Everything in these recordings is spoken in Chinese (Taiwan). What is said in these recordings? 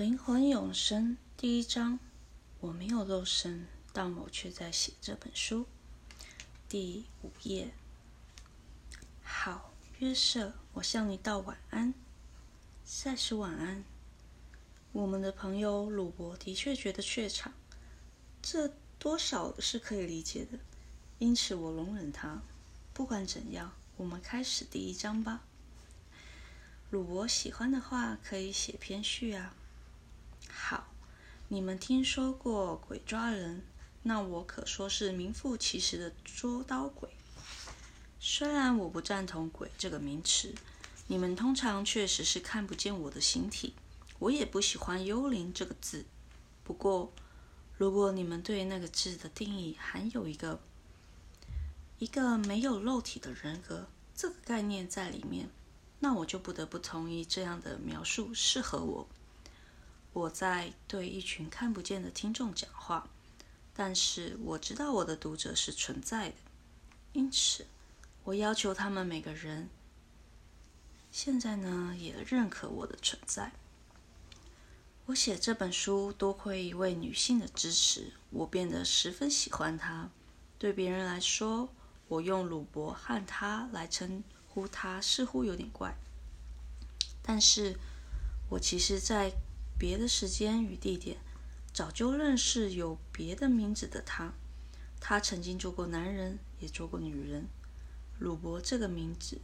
靈魂永生第一章，我沒有肉身，但我卻在寫這本書。第五頁。好，約瑟，我向你道晚安。賽斯晚安。我們的朋友魯伯的確覺得怯場，這多少是可以理解的，因此我容忍他。不管怎樣，我們開始第一章吧。魯伯喜歡的話，可以寫篇序啊。好，你們聽說過鬼抓人，那我可說是名副其實的捉刀鬼。雖然我不贊同“鬼”這個名詞，你們通常確實是看不見我的形體，我也不喜歡“幽靈”這個字。不過，如果你們對那個字的定義含有一個，一個沒有肉體的人格，這個概念在裡面，那我就不得不同意這樣的描述適合我。我在對一群看不見的聽眾講話，但是我知道我的讀者是存在的，因此我要求他們每個人現在呢，也認可我的存在。我寫這本書，多虧一位女性的支持，我變得十分喜歡她。對別人來說，我用魯伯和她來稱呼她似乎有點怪，但是我其實在。別的時間與地點，早就認識有別的名字的他。他曾經做過男人，也做過女人。魯伯這個名字，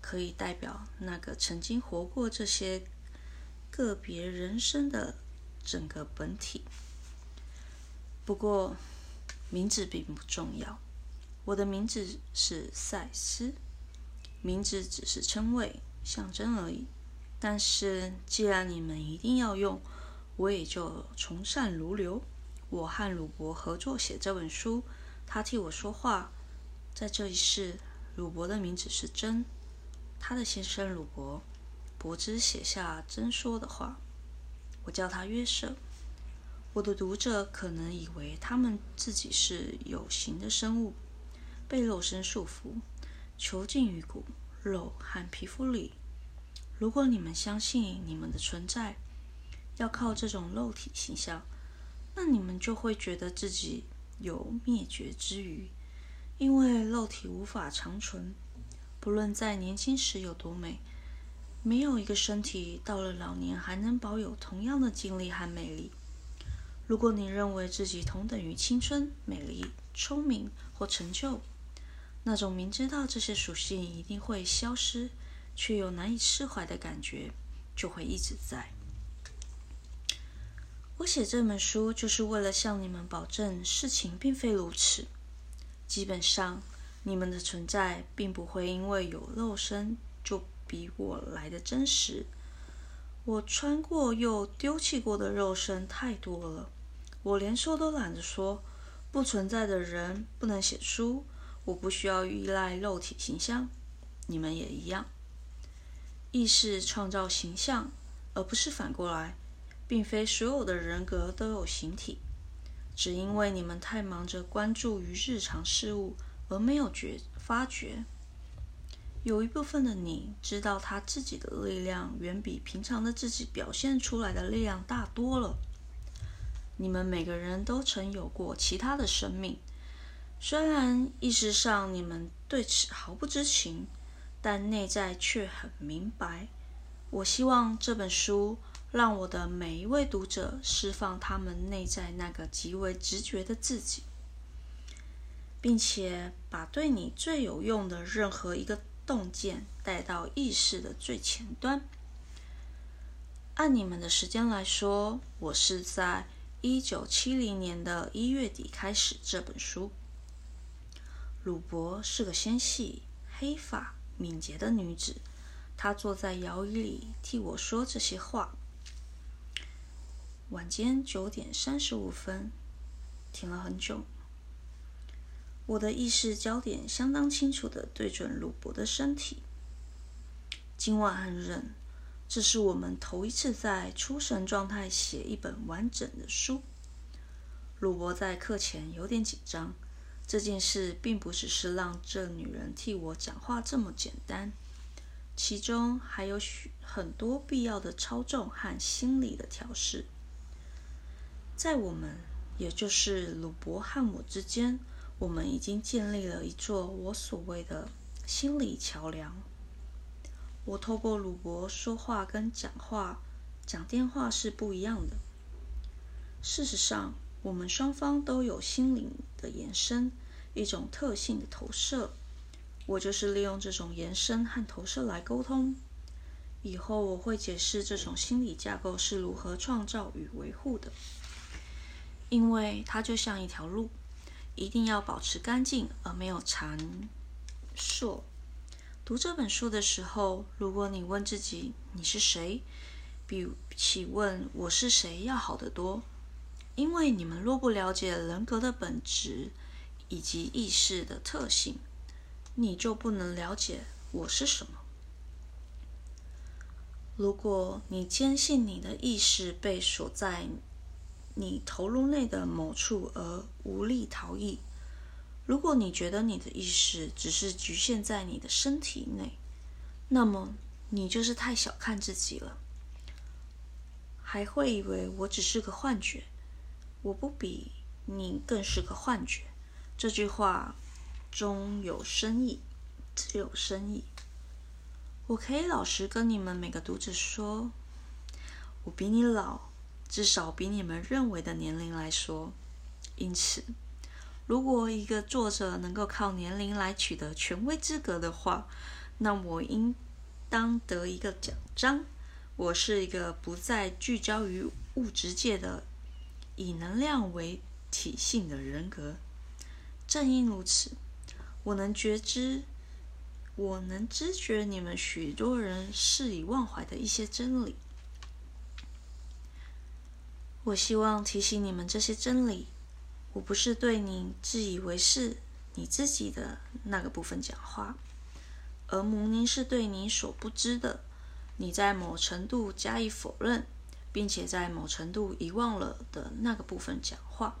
可以代表那個曾經活過這些個別人生的整個本體。不過，名字並不重要。我的名字是賽斯，名字只是稱謂，象徵而已。但是，既然你們一定要用，我也就從善如流。我和魯伯合作寫這本書，他替我說話。在這一世，魯伯的名字是真，他的先生魯伯，柏茲寫下真說的話。我叫他約瑟。我的讀者可能以為他們自己是有形的生物，被肉身束縛，囚禁於骨、肉和皮膚裡。如果你們相信你們的存在要靠這種肉體形象，那你們就會覺得自己有滅絕之虞，因為肉體無法長存。不論在年輕時有多美，沒有一個身體到了老年還能保有同樣的精力和美麗。如果你認為自己同等於青春、美麗、聰明或成就，那種明知道這些屬性一定會消失。卻又難以釋懷的感覺，就會一直在。我寫這本書就是為了向你們保證，事情並非如此。基本上，你們的存在並不會因為有肉身就比我來得真實。我穿過又丟棄過的肉身太多了，我連說都懶得說。不存在的人不能寫書，我不需要依賴肉體形象，你們也一樣。意識創造形象，而不是反過來。並非所有的人格都有形體，只因為你們太忙着關注於日常事物，而沒有覺發覺。有一部分的你知道，他自己的力量遠比平常的自己表現出來的力量大多了。你們每個人都曾有過其他的生命，雖然意識上你們對此毫不知情，但內在卻很明白，我希望這本書讓我的每一位讀者釋放他們內在那個極為直覺的自己，並且把對你最有用的任何一個洞見帶到意識的最前端。按你們的時間來說，我是在一九七零年的一月底開始這本書。魯伯是個纖細、黑髮。敏捷的女子，她坐在搖椅裡替我說這些話。晚間九點三十五分，停了很久。我的意識焦點相當清楚地對準魯伯的身體。今晚很冷，這是我們頭一次在出神狀態寫一本完整的書。魯伯在課前有點緊張。這件事並不只是讓這女人替我講話這麼簡單，其中還有許很多必要的操縱和心理的調試。在我們，也就是魯伯和我之間，我們已經建立了一座我所謂的心理橋樑。我透過魯伯說話跟講話、講電話是不一樣的。事實上，我們雙方都有心靈的延伸，一種特性的投射。我就是利用這種延伸和投射來溝通。以後我會解釋這種心理架構是如何創造與維護的，因為它就像一條路，一定要保持乾淨而沒有纏束，讀這本書的時候，如果你問自己你是誰，比起問我是誰要好得多。因為你們若不了解人格的本質，以及意識的特性，你就不能了解我是什麼。如果你堅信你的意識被鎖在你頭顱內的某處而無力逃逸，如果你覺得你的意識只是局限在你的身體內，那麼你就是太小看自己了，還會以為我只是個幻覺。我不比你更是個幻覺，這句話中有深意，只有深意。我可以老實跟你們每個讀者說，我比你老，至少比你們認為的年齡來說。因此，如果一個作者能夠靠年齡來取得權威資格的話，那我應當得一個獎章。我是一個不再聚焦於物質界的。以能量為體性的人格，正因如此，我能覺知，我能知覺你們許多人已忘懷的一些真理。我希望提醒你們這些真理。我不是對你自以為是你自己的那個部分講話，而毋寧是對你所不知的，你在某程度加以否認，並且在某程度遺忘了的那個部分講話，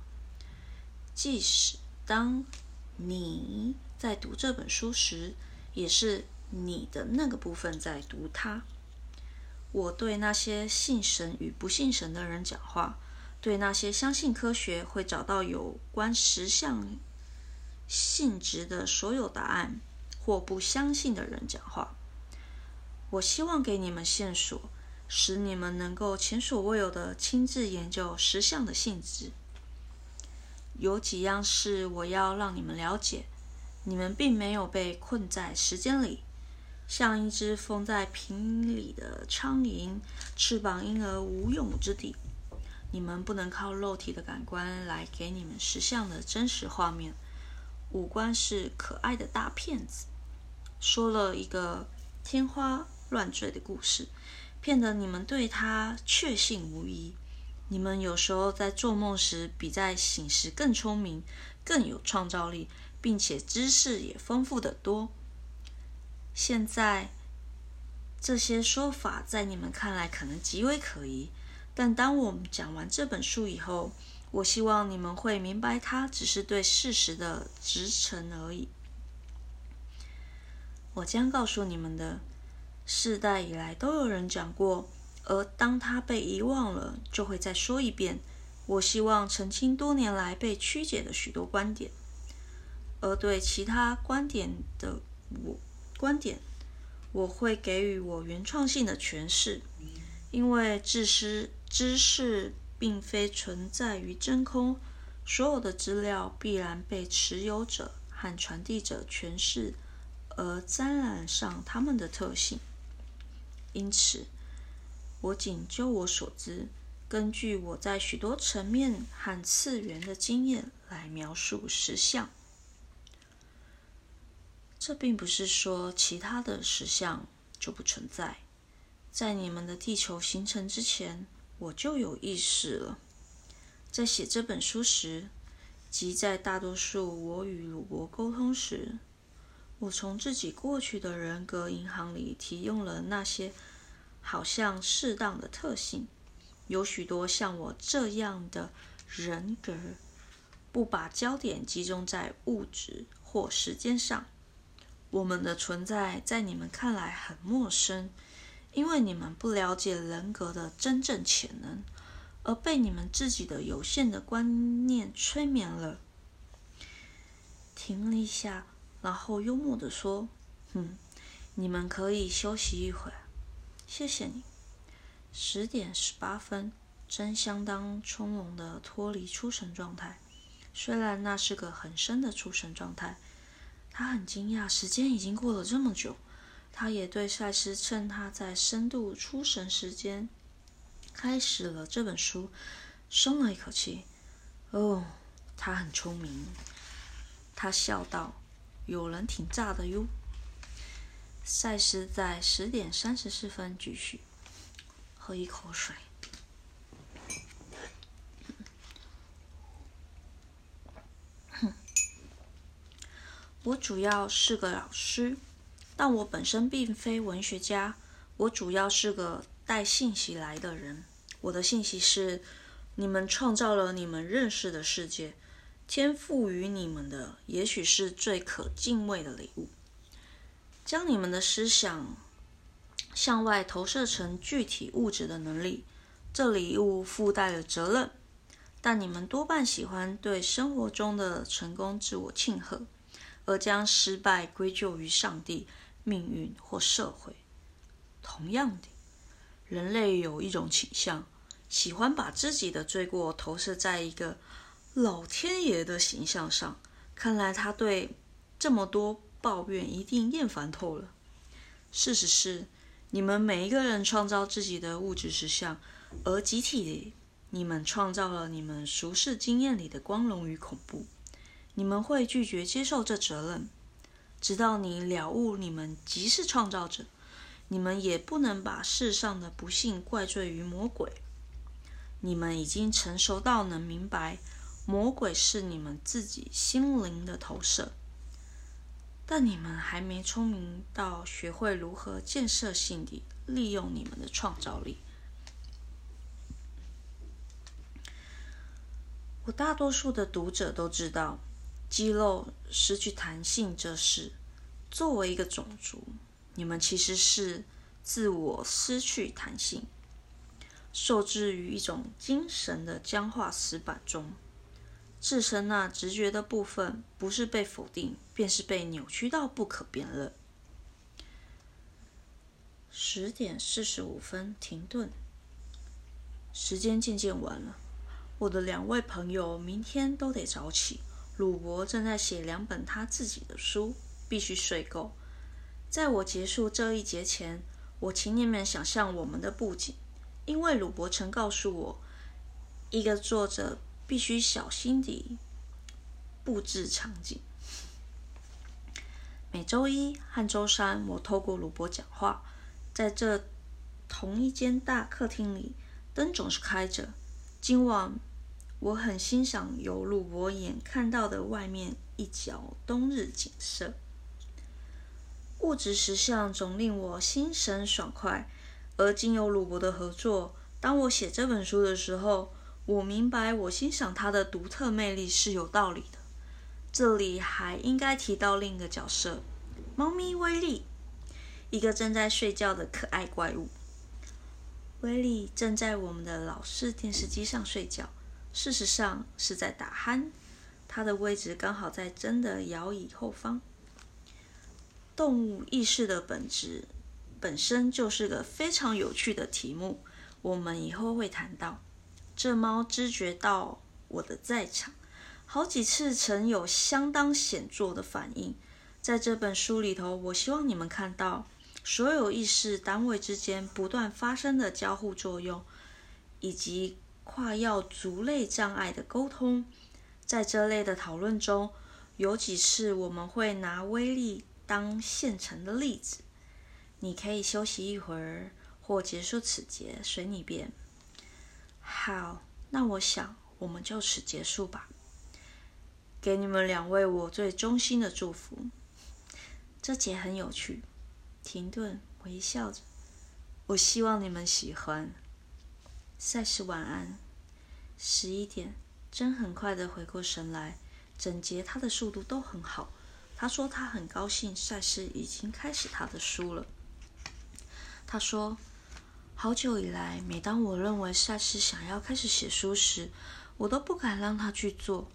即使當你在讀這本書時，也是你的那個部分在讀它。我對那些信神與不信神的人講話，對那些相信科學會找到有關實相性質的所有答案或不相信的人講話。我希望給你們線索。使你們能夠前所未有的親自研究實相的性質。有幾樣事我要讓你們了解：你們並沒有被困在時間裡，像一隻封在瓶裡的蒼蠅，翅膀因而無用武之地。你們不能靠肉體的感官來給你們實相的真實畫面。五官是可愛的大騙子，說了一個天花亂墜的故事。騙得你們對他確信無疑。你們有時候在做夢時，比在醒時更聰明、更有創造力，並且知識也豐富得多。現在，這些說法在你們看來可能極為可疑，但當我們講完這本書以後，我希望你們會明白，它只是對事實的直陳而已。我將告訴你們的。世代以來都有人講過，而當他被遺忘了，就會再說一遍。我希望澄清多年來被曲解的許多觀點，而對其他觀點的我觀點，我會給予我原創性的詮釋，因為自私知識並非存在於真空，所有的資料必然被持有者和傳遞者詮釋，而沾染上他們的特性。因此，我僅就我所知，根據我在許多層面和次元的經驗來描述實相。這並不是說其他的實相就不存在。在你們的地球形成之前，我就有意識了。在寫這本書時，即在大多數我與魯柏溝通時。我從自己過去的人格銀行裡提用了那些好像適當的特性。有許多像我這樣的人格，不把焦點集中在物質或時間上。我們的存在在你們看來很陌生，因為你們不了解人格的真正潛能，而被你們自己的有限的觀念催眠了。停了一下。然後幽默地說：“嗯，你們可以休息一會兒，謝謝你。”十點十八分，真相當從容的脫離出神狀態，雖然那是個很深的出神狀態。他很驚訝，時間已經過了這麼久。他也對賽斯趁他在深度出神時間開始了這本書，鬆了一口氣。哦，他很聰明，他笑道。有人挺炸的喲。賽斯在十點三十四分繼續。喝一口水。 我主要是個老師，但我本身並非文學家，我主要是個帶信息來的人。我的信息是：你們創造了你們認識的世界。天賦予你們的，也許是最可敬畏的禮物——將你們的思想向外投射成具體物質的能力。這禮物附帶了責任，但你們多半喜歡對生活中的成功自我慶賀，而將失敗歸咎於上帝、命運或社會。同樣的，人類有一種傾向，喜歡把自己的罪過投射在一個老天爺的形象上，看來他對這麼多抱怨一定厭煩透了。事實是，你們每一個人創造自己的物質實相，而集體裡，裡你們創造了你們俗世經驗裡的光榮與恐怖。你們會拒絕接受這責任，直到你了悟你們即是創造者。你們也不能把世上的不幸怪罪於魔鬼。你們已經成熟到能明白。魔鬼是你們自己心靈的投射，但你們還沒聰明到學會如何建設性地利用你們的創造力。我大多數的讀者都知道，肌肉失去彈性這事，作為一個種族，你們其實是自我失去彈性，受制於一種精神的僵化死板中。自身那直覺的部分，不是被否定，便是被扭曲到不可辨認。十點四十五分，停頓。時間漸漸晚了，我的兩位朋友明天都得早起。魯伯正在寫兩本他自己的書，必須睡夠。在我結束這一節前，我請你們想象我們的布景，因為魯伯曾告訴我，一個作者。必須小心地布置場景。每周一和周三，我透過魯伯講話，在這同一間大客廳裡，燈總是開着。今晚我很欣賞由魯伯眼看到的外面一角冬日景色。物質實相總令我心神爽快，而經由魯伯的合作，當我寫這本書的時候。我明白，我欣賞它的獨特魅力是有道理的。這裡還應該提到另一個角色——貓咪威利，一個正在睡覺的可愛怪物。威利正在我們的老式電視機上睡覺，事實上是在打鼾，它的位置剛好在真的搖椅後方。動物意識的本質本身就是個非常有趣的題目，我們以後會談到。這貓知覺到我的在場，好幾次曾有相當顯著的反應。在這本書裡頭，我希望你們看到所有意識單位之間不斷發生的交互作用，以及跨越族類障礙的溝通。在這類的討論中，有幾次我們會拿威利當現成的例子。你可以休息一會兒，或結束此節，隨你便。好，那我想我們就此結束吧。給你們兩位我最衷心的祝福。這節很有趣，停頓，微笑着。我希望你們喜歡。賽斯晚安。十一點，真很快的回過神來，整節他的速度都很好。他說他很高興賽斯已經開始他的書了。他說。好久以來，每當我認為賽斯想要開始寫書時，我都不敢讓他去做。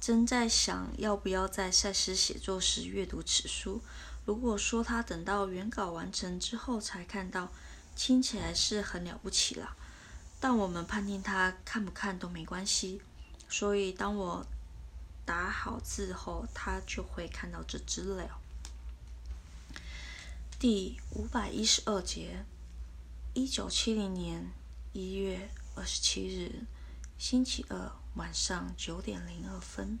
正在想要不要在賽斯寫作時閱讀此書。如果說他等到原稿完成之後才看到，聽起來是很了不起了。但我們判定他看不看都沒關係。所以當我打好字後，他就會看到這資料。第五百一十二節。一九七零年一月二十七日，星期二晚上九點零二分。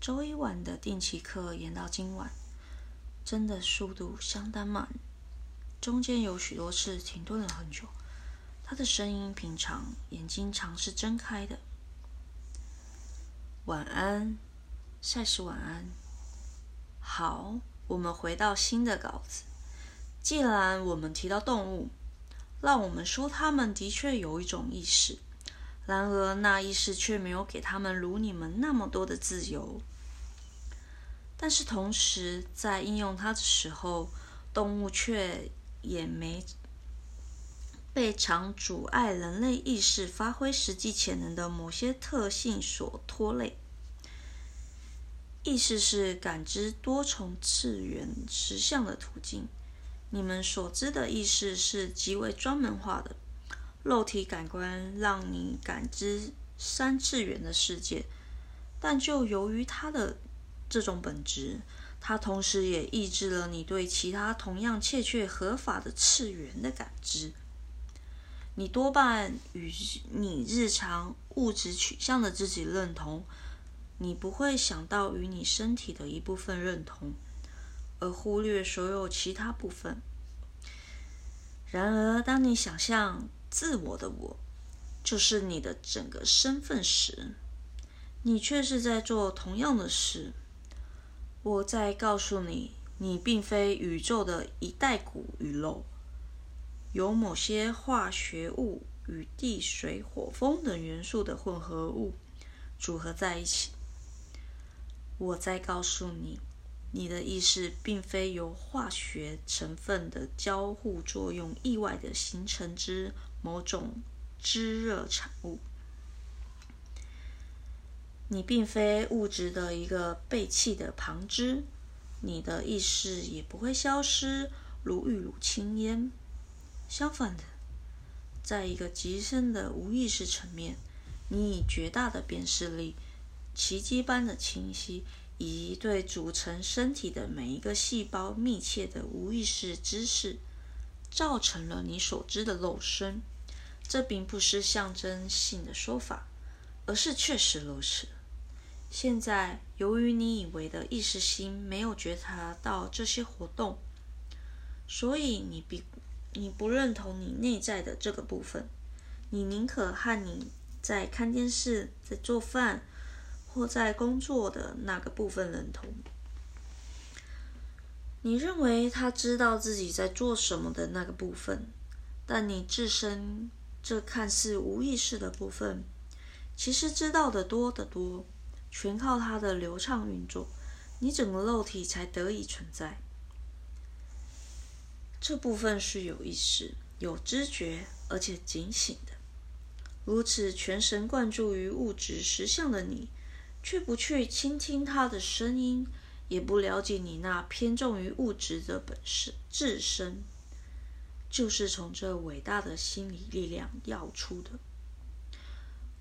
週一晚的定期課延到今晚。真的速度相當慢，中間有許多次停頓了很久。他的聲音平常，眼睛常是睜開的。晚安。賽斯晚安。好，我們回到新的稿子。既然我們提到動物，讓我們說它們的確有一種意識，然而那意識卻沒有給它們如你們那麼多的自由。但是同時，在應用它的時候，動物卻也沒被常阻礙人類意識發揮實際潛能的某些特性所拖累。意識是感知多重次元實相的途徑。你們所知的意識是極為專門化的，肉體感官讓你感知三次元的世界，但就由於它的這種本質，它同時也抑制了你對其他同樣確切合法的次元的感知。你多半與你日常物質取向的自己認同，你不會想到與你身體的一部分認同，而忽略所有其他部分。然而，當你想象自我的我就是你的整個身份時，你卻是在做同樣的事。我在告訴你，你並非宇宙的一袋骨與肉，由某些化學物與地水火風等元素的混合物組合在一起。我在告訴你。你的意識並非由化學成分的交互作用意外的形成之某種熾熱產物，你並非物質的一個背棄的旁支，你的意識也不會消失如一縷青煙。相反的，在一個極深的無意識層面，你以絕大的辨識力，奇蹟般的清晰，以及對組成身體的每一個細胞密切的無意識知識，造成了你所知的肉身。這並不是象徵性的說法，而是確實如此。現在，由於你以為的意識心沒有覺察到這些活動，所以你比你不認同你內在的這個部分，你寧可和你在看電視，在做飯，或在工作的那個部分認同，你認為他知道自己在做什麼的那個部分，但你自身這看似無意識的部分，其實知道的多得多。全靠他的流暢運作，你整個肉體才得以存在。這部分是有意識、有知覺而且警醒的，如此全神貫注於物質實相的你卻不去傾聽他的聲音，也不了解你那偏重於物質的本身，自身就是從這偉大的心理力量要出的。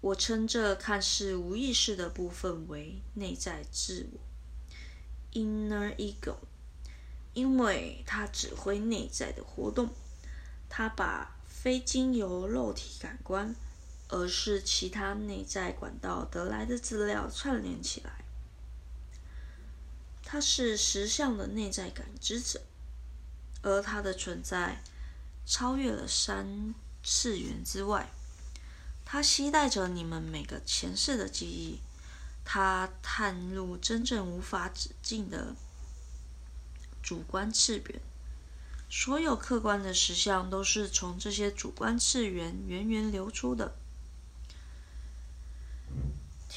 我稱這看似無意識的部分為內在自我 （inner ego），因為它指揮內在的活動，它把非經由肉體感官。而是其他內在管道得來的資料串聯起來，它是實相的內在感知者，而它的存在超越了三次元之外。它攜帶着你們每個前世的記憶，它探入真正無法止境的主觀次元，所有客觀的實相都是從這些主觀次元源源流出的。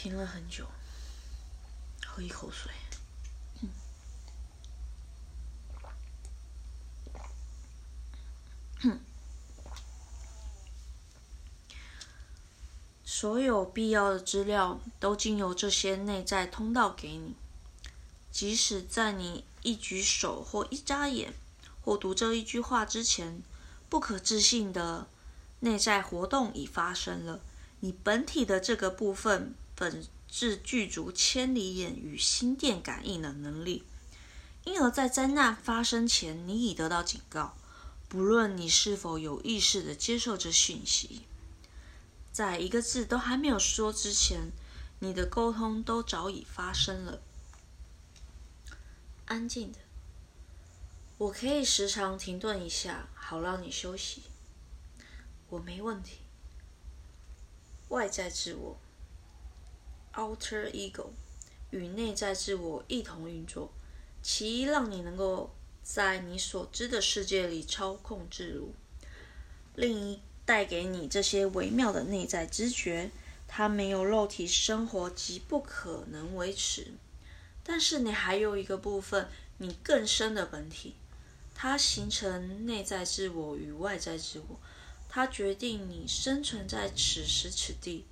停了很久，喝一口水。 所有必要的資料都經由這些內在通道給你，即使在你一舉手或一眨眼或讀這一句話之前，不可置信的內在活動已發生了。你本體的這個部分。本質具足千里眼與心電感應的能力，因而，在災難發生前，你已得到警告，不論你是否有意識的接受這訊息，在一個字都還沒有說之前，你的溝通都早已發生了。安靜的，我可以時常停頓一下，好讓你休息。我沒問題。外在自我。Outer ego 與內在自我一同運作，其一讓你能夠在你所知的世界裡操控自如；另一帶給你這些微妙的內在知覺，它沒有肉體生活即不可能維持。但是你還有一個部分，你更深的本體，它形成內在自我與外在自我，它決定你生存在此時此地。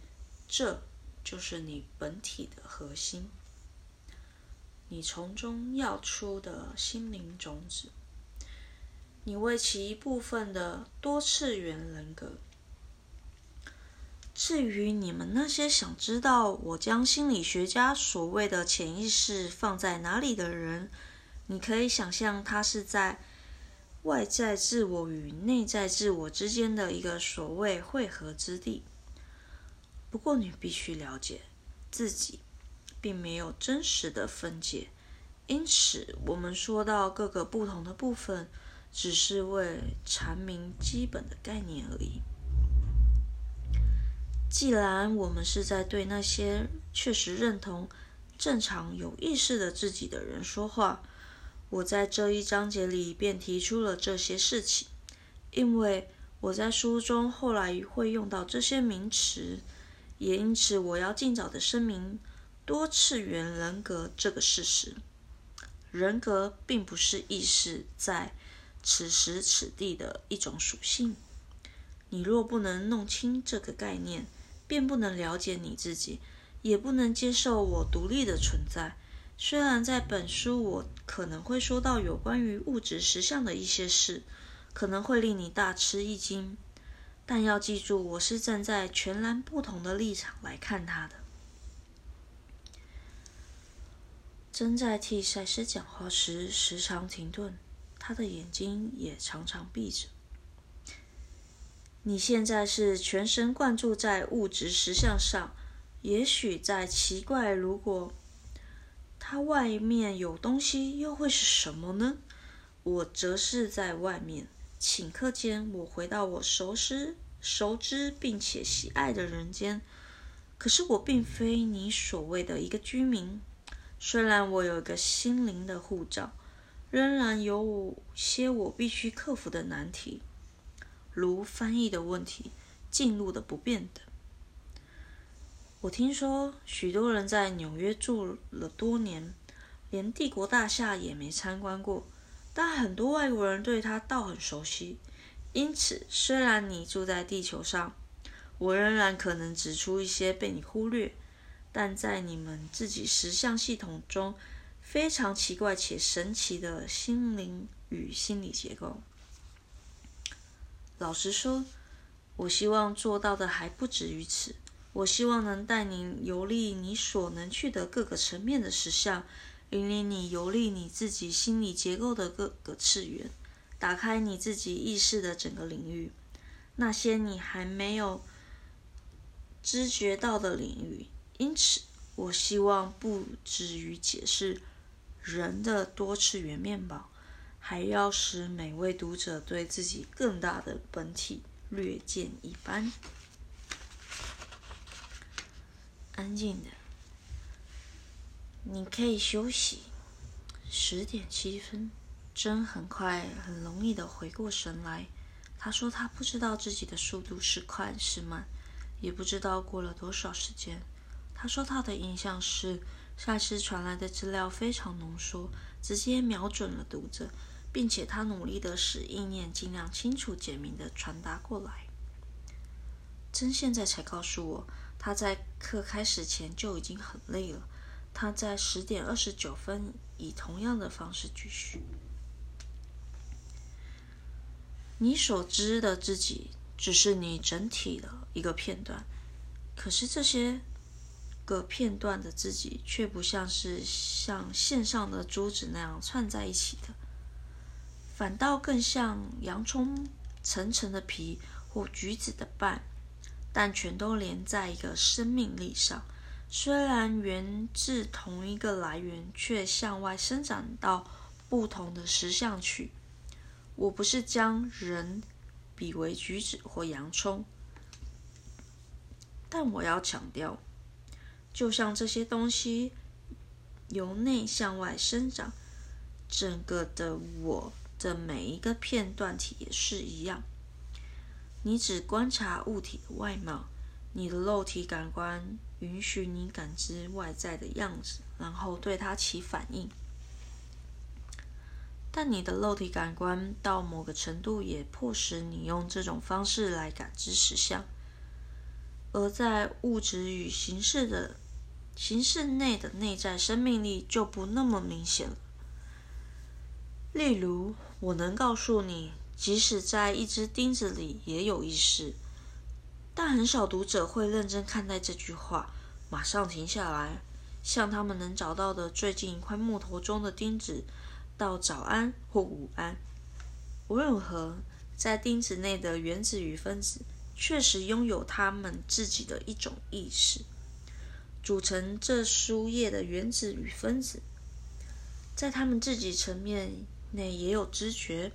這就是你本體的核心，你從中要出的心靈種子，你為其一部分的多次元人格。至於你們那些想知道我將心理學家所謂的潛意識放在哪裡的人，你可以想象他是在外在自我與內在自我之間的一個所謂匯合之地。不過，你必須了解，自己並沒有真實的分解，因此我們說到各個不同的部分，只是為闡明基本的概念而已。既然我們是在對那些確實認同正常有意識的自己的人說話，我在這一章節裡便提出了這些事情，因為我在書中後來會用到這些名詞。也因此，我要盡早的聲明，多次元人格這個事實。人格並不是意識在此時此地的一種屬性。你若不能弄清這個概念，便不能了解你自己，也不能接受我獨立的存在。雖然在本書，我可能會說到有關於物質實相的一些事，可能會令你大吃一驚。但要記住，我是站在全然不同的立場來看他的。正在替賽斯講話時，時常停頓，他的眼睛也常常閉着。你現在是全神貫注在物質實相上，也許在奇怪，如果他外面有東西，又會是什麼呢？我則是在外面。頃刻間，我回到我熟識、熟知並且喜愛的人間。可是，我並非你所謂的一個居民。雖然我有一個心靈的護照，仍然有些我必須克服的難題，如翻譯的問題、進入的不便等。我聽說許多人在紐約住了多年，連帝國大廈也沒參觀過。但很多外國人對它倒很熟悉，因此雖然你住在地球上，我仍然可能指出一些被你忽略，但在你們自己實相系統中非常奇怪且神奇的心靈與心理結構。老實說，我希望做到的還不止於此，我希望能帶您遊歷你所能去的各個層面的實相。引領你遊歷你自己心理結構的各個次元，打開你自己意識的整個領域，那些你還沒有知覺到的領域。因此，我希望不止於解釋人的多次元面貌，還要使每位讀者對自己更大的本體略見一斑。安靜的。你可以休息。十點七分，真很快，很容易的回過神來。他說他不知道自己的速度是快是慢，也不知道過了多少時間。他說他的印象是，賽斯傳來的資料非常濃縮，直接瞄準了讀者，並且他努力的使意念盡量清楚、簡明的傳達過來。真現在才告訴我，他在課開始前就已經很累了。他在十點二十九分以同樣的方式繼續。你所知的自己只是你整體的一個片段，可是這些個片段的自己卻不像是像線上的珠子那樣串在一起的，反倒更像洋蔥層層的皮或橘子的瓣，但全都連在一個生命力上。雖然源自同一個來源，卻向外生長到不同的實相去。我不是將人比為橘子或洋蔥，但我要強調，就像這些東西由內向外生長，整個的我的每一個片段體也是一樣。你只觀察物體的外貌，你的肉體感官。允許你感知外在的樣子，然後對它起反應。但你的肉體感官到某個程度也迫使你用這種方式來感知實相，而在物質與形式的形式內的內在生命力就不那麼明顯了。例如，我能告訴你，即使在一只釘子裡也有意識。但很少讀者會認真看待這句話，馬上停下來，向他們能找到的最近一塊木頭中的釘子，道早安或午安。無論如何，在釘子內的原子與分子確實擁有他們自己的一種意識。組成這書頁的原子與分子，在他們自己層面內也有知覺。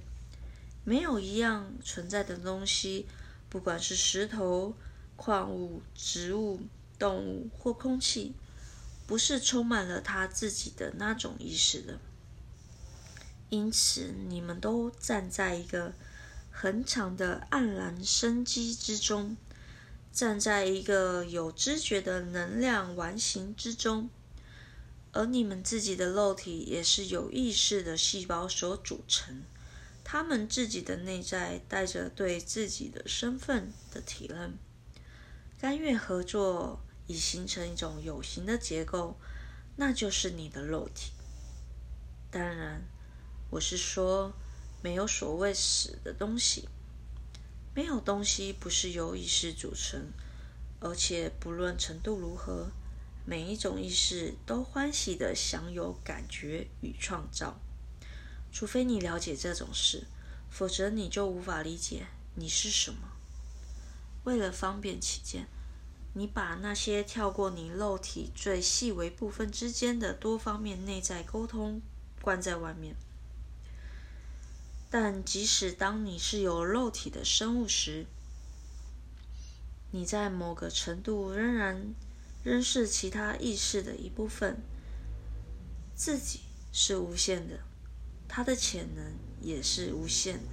沒有一樣存在的東西。不管是石頭、礦物、植物、動物或空氣，不是充滿了他自己的那種意識的。因此，你們都站在一個恆常的盎然生機之中，站在一個有知覺的能量完形之中，而你們自己的肉體也是有意識的細胞所組成。他們自己的內在帶着對自己的身份的體認，甘願合作以形成一種有形的結構，那就是你的肉體。當然，我是說沒有所謂死的東西，沒有東西不是由意識組成，而且不論程度如何，每一種意識都歡喜地享有感覺與創造。除非你了解這種事，否則你就無法理解你是什麼。為了方便起見，你把那些跳過你肉體最細微部分之間的多方面內在溝通關在外面。但即使當你是有肉體的生物時，你在某個程度仍然仍是其他意識的一部分，自己是無限的。他的潛能也是無限的。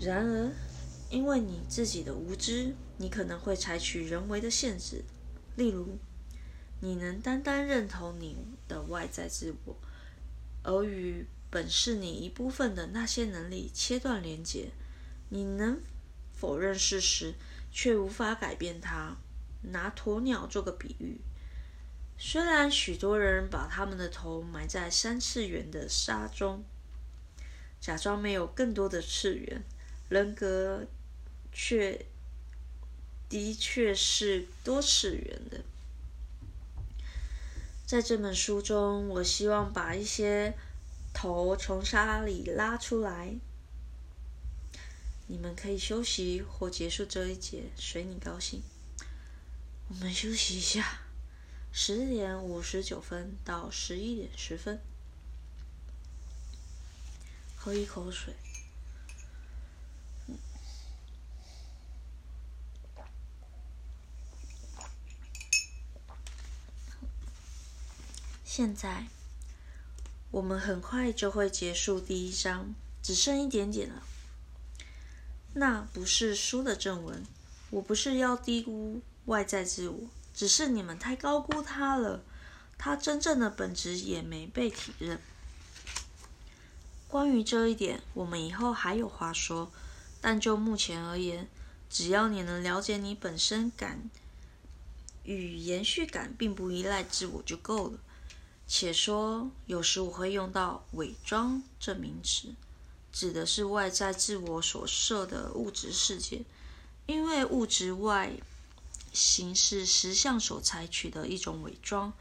然而，因為你自己的無知，你可能會採取人為的限制，例如，你能單單認同你的外在自我，而與本是你一部分的那些能力切斷連接。你能否認事實，卻無法改變它。拿鴕鳥做個比喻。雖然許多人把他們的頭埋在三次元的沙中，假裝沒有更多的次元，人格卻的確是多次元的。在這本書中，我希望把一些頭從沙裡拉出來。你們可以休息或結束這一節，隨你高興。我們休息一下。十點五十九分到十一點十分，喝一口水。嗯，現在我們很快就會結束第一章，只剩一點點了。那不是書的正文，我不是要低估外在自我。只是你們太高估他了，他真正的本質也沒被體認。關於這一點，我們以後還有話說。但就目前而言，只要你能了解你本身感與延續感，並不依賴自我就夠了。且說，有時我會用到“偽裝”這名詞，指的是外在自我所設的物質世界，因為物質外。形式實相所採取的一種偽裝，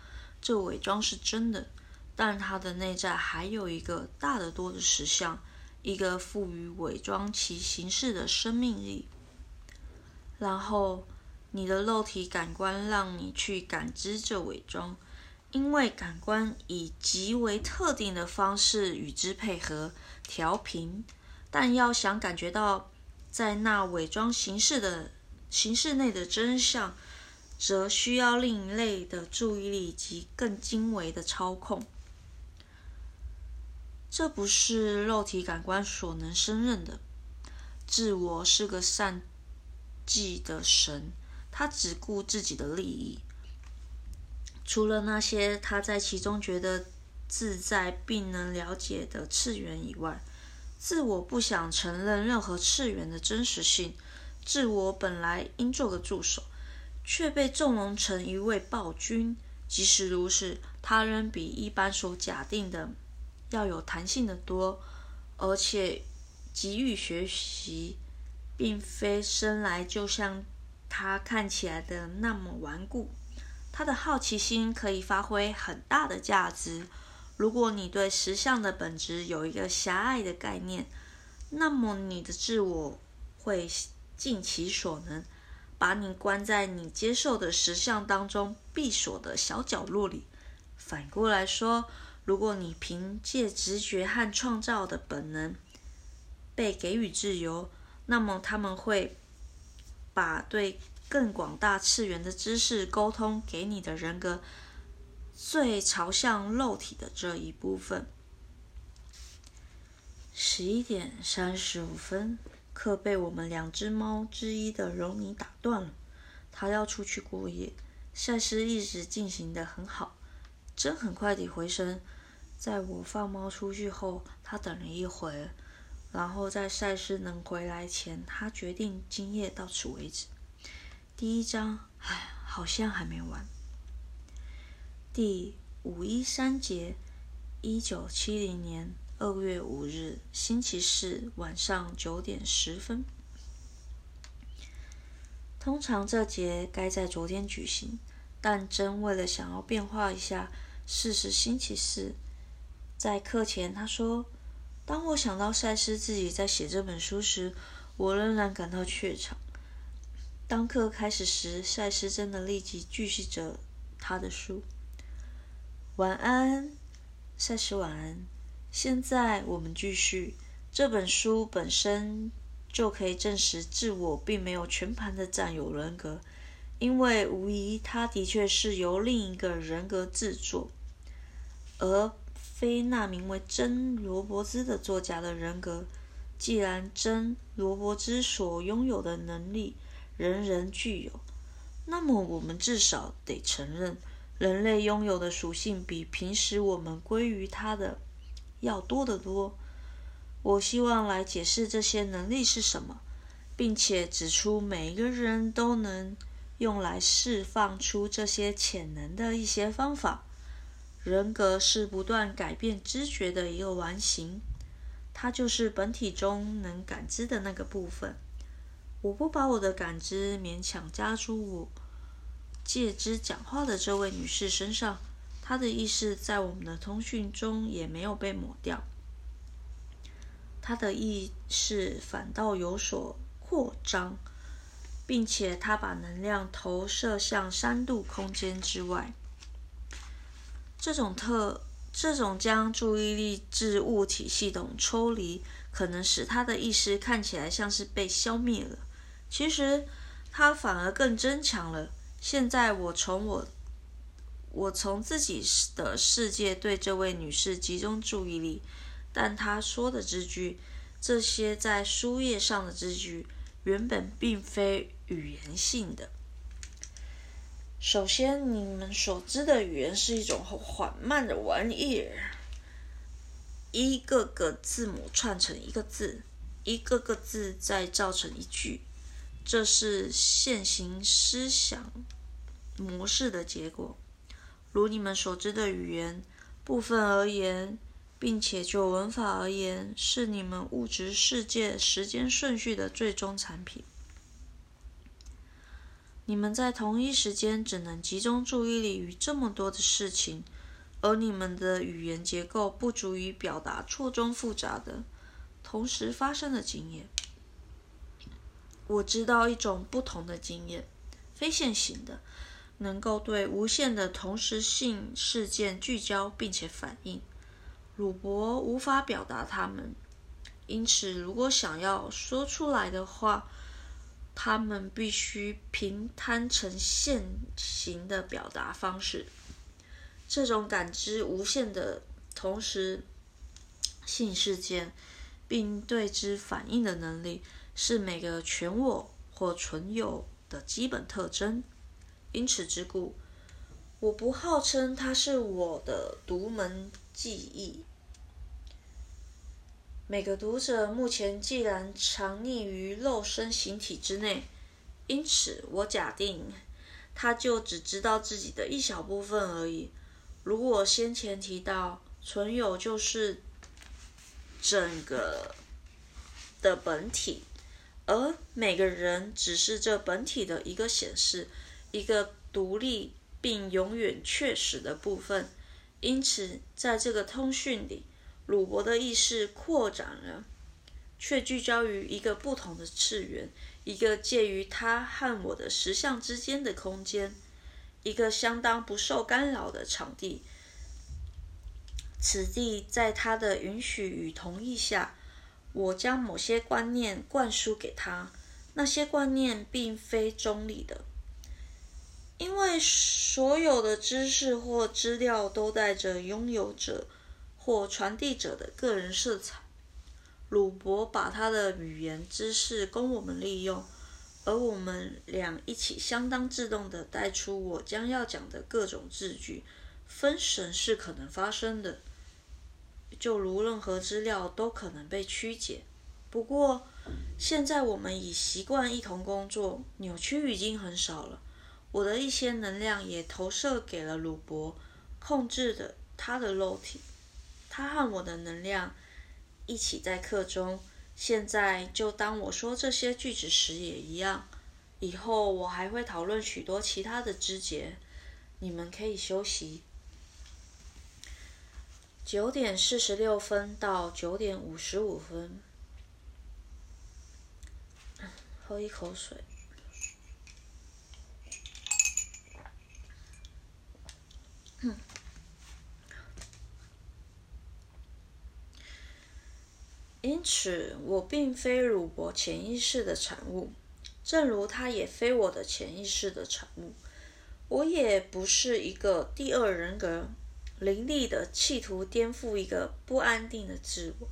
這偽裝是真的，但它的內在還有一個大得多的實相，一個賦予偽裝其形式的生命力。然後，你的肉體感官讓你去感知這偽裝，因為感官以極為特定的方式與之配合調頻，但要想感覺到在那偽裝形式的。形式內的真相，則需要另一類的注意力以及更精微的操控。這不是肉體感官所能勝任的。自我是個善嫉的神，他只顧自己的利益。除了那些他在其中覺得自在並能了解的次元以外，自我不想承認任何次元的真實性。自我本來應做個助手，卻被縱容成一位暴君。即使如此，他仍比一般所假定的要有彈性的多，而且急於學習，並非生來就像他看起來的那麼頑固。他的好奇心可以發揮很大的價值。如果你對實相的本質有一個狹隘的概念，那麼你的自我會盡其所能，把你關在你接受的實相當中閉鎖的小角落裡。反過來說，如果你憑借直覺和創造的本能被給予自由，那麼他們會把對更廣大次元的知識溝通給你的人格最朝向肉體的這一部分。十一點三十五分。課被我們兩隻貓之一的柔尼打斷了，他要出去過夜。賽斯一直進行得很好，真很快的回聲，在我放貓出去後，他等了一會兒，然後在賽斯能回來前，他決定今夜到此為止。第一章，唉，好像還沒完。第五一三節，一九七零年。二月五日，星期四晚上九點十分。通常這節該在昨天舉行，但真為了想要變化一下，試試星期四。在課前，他說：“當我想到賽斯自己在寫這本書時，我仍然感到怯場。”當課開始時，賽斯真的立即繼續着他的書。晚安，賽斯，晚安。現在我們繼續。這本書本身就可以證實，自我並沒有全盤的佔有人格，因為無疑它的確是由另一個人格製作，而非那名為珍羅伯茲的作家的人格。既然珍羅伯茲所擁有的能力人人具有，那麼我們至少得承認，人類擁有的屬性比平時我們歸於他的要多得多。我希望來解釋這些能力是什麼，並且指出每一個人都能用來釋放出這些潛能的一些方法。人格是不斷改變知覺的一個完形，它就是本體中能感知的那個部分。我不把我的感知勉強加諸我借之講話的這位女士身上。他的意識在我們的通訊中也沒有被抹掉，他的意識反倒有所擴張，並且他把能量投射向三度空間之外。這種特，這種將注意力至物體系統抽離，可能使他的意識看起來像是被消滅了，其實他反而更增強了。現在我從我。我從自己的世界對這位女士集中注意力，但她說的字句，這些在書頁上的字句，原本並非語言性的。首先，你們所知的語言是一種緩慢的玩意兒，一個個字母串成一個字，一個個字再造成一句，這是現行思想模式的結果。如你們所知的語言部分而言，並且就文法而言，是你們物質世界時間順序的最終產品。你們在同一時間只能集中注意力於這麼多的事情，而你們的語言結構不足以表達錯綜複雜的同時發生的經驗。我知道一種不同的經驗，非線性的。能夠對無限的同時性事件聚焦並且反應，魯柏無法表達他們，因此如果想要說出來的話，他們必須平攤成線性的表達方式。這種感知無限的同時性事件並對之反應的能力，是每個全我或存有的基本特徵。因此之故，我不號稱它是我的獨門技藝。每個讀者目前既然藏匿於肉身形體之內，因此我假定他就只知道自己的一小部分而已。如我先前提到，存有就是整個的本體，而每個人只是這本體的一個顯示。一個獨立並永遠確實的部分，因此，在這個通訊裡，魯伯的意識擴展了，卻聚焦於一個不同的次元，一個介於他和我的實相之間的空間，一個相當不受干擾的場地。此地，在他的允許與同意下，我將某些觀念灌輸給他，那些觀念並非中立的。因為所有的知識或資料都帶着擁有者或傳遞者的個人色彩，魯伯把他的語言知識供我們利用，而我們倆一起相當自動地帶出我將要講的各種字句，分神是可能發生的，就如任何資料都可能被曲解。不過，現在我們已習慣一同工作，扭曲已經很少了。我的一些能量也投射給了魯伯，控制著他的肉體，他和我的能量一起在課中。現在就當我說這些句子時也一樣。以後我還會討論許多其他的枝節，你們可以休息。九點四十六分到九點五十五分，喝一口水。因此，我並非魯伯潛意識的產物，正如他也非我的潛意識的產物。我也不是一個第二人格，凌厲的企圖顛覆一個不安定的自我。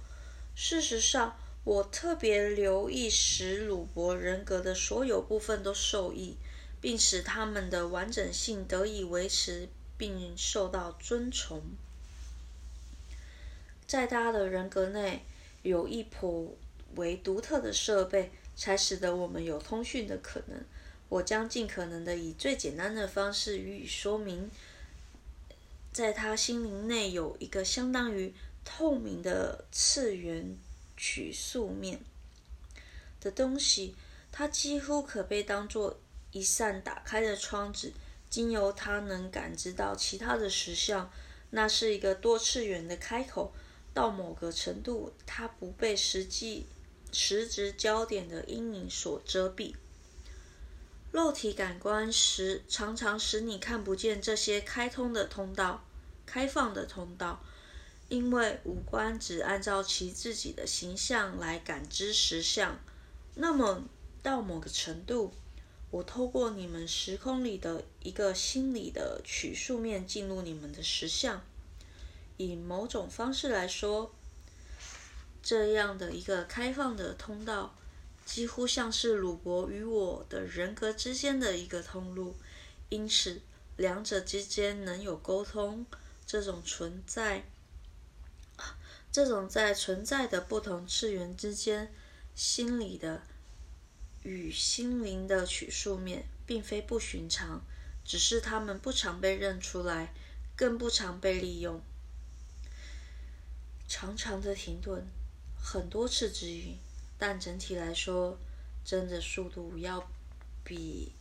事實上，我特別留意使魯伯人格的所有部分都受益，並使他們的完整性得以維持，並受到尊崇。在他的人格內，有一頗為獨特的設備，才使得我們有通訊的可能。我將盡可能的以最簡單的方式予以說明。在他心靈內有一個相當於透明的次元曲素面的東西，它幾乎可被當作一扇打開的窗子，經由它能感知到其他的實相。那是一個多次元的開口。到某個程度，它不被實際、實質焦點的陰影所遮蔽。肉體感官時，常常使你看不見這些開通的通道、開放的通道，因為五官只按照其自己的形象來感知實相。那麼，到某個程度，我透過你們時空裡的一個心理的曲數面進入你們的實相。以某種方式來說，這樣的一個開放的通道，幾乎像是魯柏與我的人格之間的一個通路，因此兩者之間能有溝通，這種存在，這種在存在的不同次元之間，心理的與心靈的取數面，並非不尋常，只是他們不常被認出來，更不常被利用。長長的停頓，很多次止語，但整體來說，真的速度要比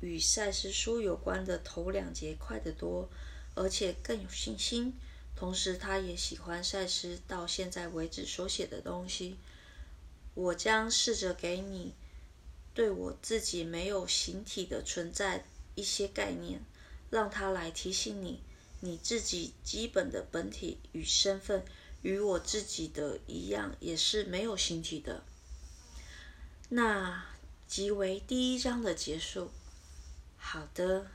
與賽斯書有關的頭兩節快得多，而且更有信心。同時，他也喜歡賽斯到現在為止所寫的東西。我將試着給你對我自己沒有形體的存在一些概念，讓他來提醒你你自己基本的本體與身份。.與我自己的一樣，也是沒有形體的。那即為第一章的結束。好的。